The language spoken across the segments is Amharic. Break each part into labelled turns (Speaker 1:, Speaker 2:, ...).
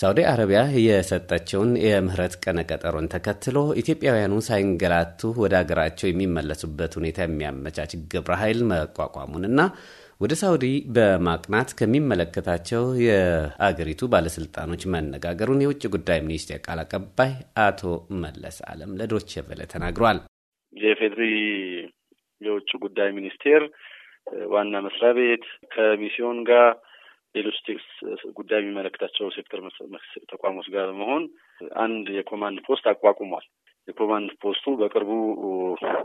Speaker 1: ሳውዲ አረቢያ የሰጠችውን የምህረት ቀነ ቀጠሮን ተከትሎ ኢትዮጵያውያኑ ሳይንገላቱ ወደ አገራቸው የሚመለሱበት ሁኔታ የሚያመቻች ግብረ ኃይል መቋቋሙንና ወደ ሳውዲ በማቅናት ከሚመለከታቸው የአገሪቱ ባለስልጣኖች መነጋገሩን የውጭ ጉዳይ ሚኒስቴር ቃል አቀባይ አቶ መለስ አለም ለዶቼ ቬለ ተናግሯል።
Speaker 2: የፌድሪ የውጭ ጉዳይ ሚኒስቴር ዋና መስሪያ ቤት ከሚስዮን ጋር ሌሎች ቴክስ ጉዳይ የሚመለከታቸው ሴክተር ተቋሞች ጋር በመሆን አንድ የኮማንድ ፖስት አቋቁሟል። የኮማንድ ፖስቱ በቅርቡ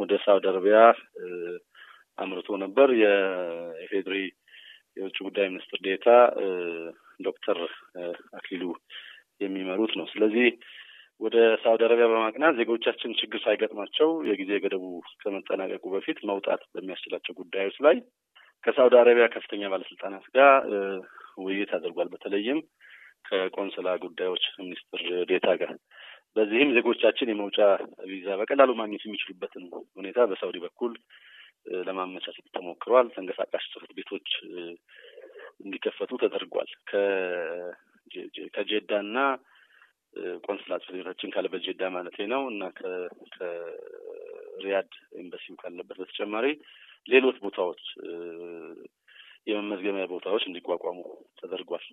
Speaker 2: ወደ ሳውዲ አረቢያ አምርቶ ነበር። የኢፌዴሪ የውጭ ጉዳይ ሚኒስትር ዴታ ዶክተር አክሊሉ የሚመሩት ነው። ስለዚህ ወደ ሳውዲ አረቢያ በማቅናት ዜጎቻችን ችግር ሳይገጥማቸው የጊዜ ገደቡ ከመጠናቀቁ በፊት መውጣት በሚያስችላቸው ጉዳዮች ላይ ከሳውዲ አረቢያ ከፍተኛ ባለስልጣናት ጋር ውይይት አድርጓል። በተለይም ከቆንስላ ጉዳዮች ሚኒስትር ዴታ ጋር በዚህም ዜጎቻችን የመውጫ ቪዛ በቀላሉ ማግኘት የሚችሉበትን ሁኔታ በሳውዲ በኩል ለማመቻቸት ተሞክሯል። ተንቀሳቃሽ ጽሕፈት ቤቶች እንዲከፈቱ ተደርጓል። ከጄዳ እና ቆንስላ ጽሕፈት ቤታችን ካለበት ጀዳ ማለት ነው እና ከሪያድ ኤምባሲው ካለበት በተጨማሪ ሌሎች ቦታዎች የመመዝገሚያ ቦታዎች እንዲቋቋሙ ተደርጓል።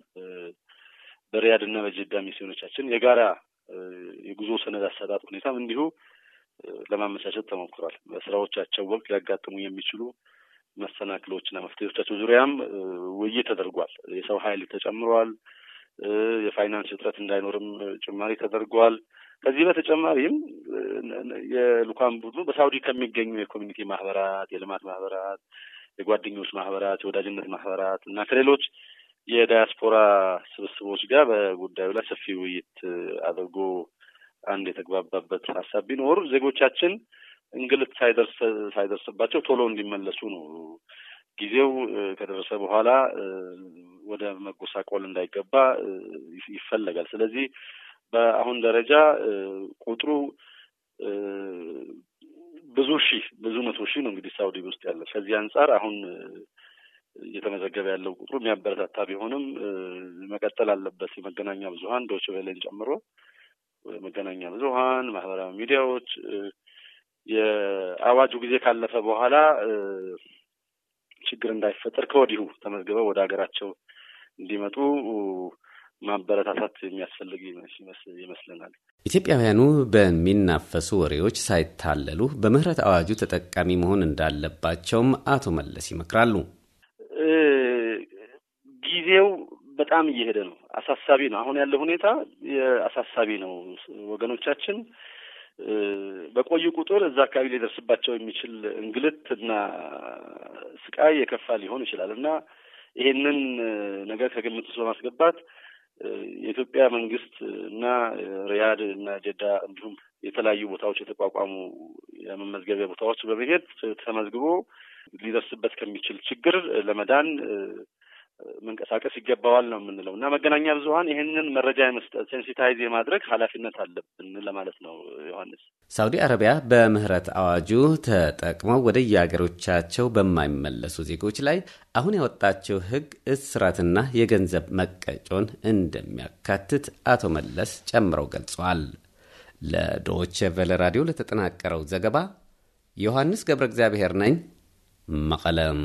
Speaker 2: በሪያድ እና በጀዳ ሚስዮኖቻችን የጋራ የጉዞ ሰነድ አሰጣጥ ሁኔታም እንዲሁ ለማመቻቸት ተሞክሯል። በስራዎቻቸው ወቅት ሊያጋጥሙ የሚችሉ መሰናክሎችና መፍትሄዎቻቸው ዙሪያም ውይይት ተደርጓል። የሰው ኃይል ተጨምሯል። የፋይናንስ እጥረት እንዳይኖርም ጭማሪ ተደርጓል። ከዚህ በተጨማሪም የልኡካን ቡድኑ በሳውዲ ከሚገኙ የኮሚኒቲ ማህበራት፣ የልማት ማህበራት፣ የጓደኞች ማህበራት፣ የወዳጅነት ማህበራት እና ከሌሎች የዳያስፖራ ስብስቦች ጋር በጉዳዩ ላይ ሰፊ ውይይት አድርጎ አንድ የተግባባበት ሀሳብ ቢኖር ዜጎቻችን እንግልት ሳይደርስባቸው ቶሎ እንዲመለሱ ነው። ጊዜው ከደረሰ በኋላ ወደ መጎሳቆል እንዳይገባ ይፈለጋል። ስለዚህ በአሁን ደረጃ ቁጥሩ ብዙ ሺህ ብዙ መቶ ሺህ ነው እንግዲህ ሳውዲ ውስጥ ያለ። ከዚህ አንጻር አሁን እየተመዘገበ ያለው ቁጥሩ የሚያበረታታ ቢሆንም መቀጠል አለበት። የመገናኛ ብዙኃን ዶች ቬለን ጨምሮ መገናኛ ብዙኃን፣ ማህበራዊ ሚዲያዎች የአዋጁ ጊዜ ካለፈ በኋላ ችግር እንዳይፈጠር ከወዲሁ ተመዝግበው ወደ ሀገራቸው እንዲመጡ ማበረታታት የሚያስፈልግ ይመስለናል።
Speaker 1: ኢትዮጵያውያኑ በሚናፈሱ ወሬዎች ሳይታለሉ በምህረት አዋጁ ተጠቃሚ መሆን እንዳለባቸውም አቶ መለስ ይመክራሉ።
Speaker 2: ጊዜው በጣም እየሄደ ነው። አሳሳቢ ነው። አሁን ያለው ሁኔታ አሳሳቢ ነው። ወገኖቻችን በቆዩ ቁጥር እዛ አካባቢ ሊደርስባቸው የሚችል እንግልት እና ስቃይ የከፋ ሊሆን ይችላል እና ይሄንን ነገር ከግምት ውስጥ በማስገባት የኢትዮጵያ መንግስት እና ሪያድ እና ጀዳ እንዲሁም የተለያዩ ቦታዎች የተቋቋሙ የመመዝገቢያ ቦታዎች በመሄድ ተመዝግቦ ሊደርስበት ከሚችል ችግር ለመዳን መንቀሳቀስ ይገባዋል ነው የምንለው እና መገናኛ ብዙኃን ይህንን መረጃ የመስጠት ሴንሲታይዝ የማድረግ ኃላፊነት አለብን ለማለት ነው። ዮሐንስ
Speaker 1: ሳውዲ አረቢያ በምህረት አዋጁ ተጠቅመው ወደ የሀገሮቻቸው በማይመለሱ ዜጎች ላይ አሁን ያወጣቸው ህግ እስራትና የገንዘብ መቀጮን እንደሚያካትት አቶ መለስ ጨምረው ገልጸዋል። ለዶች ቨለ ራዲዮ ለተጠናቀረው ዘገባ ዮሐንስ ገብረ እግዚአብሔር ነኝ መቀለም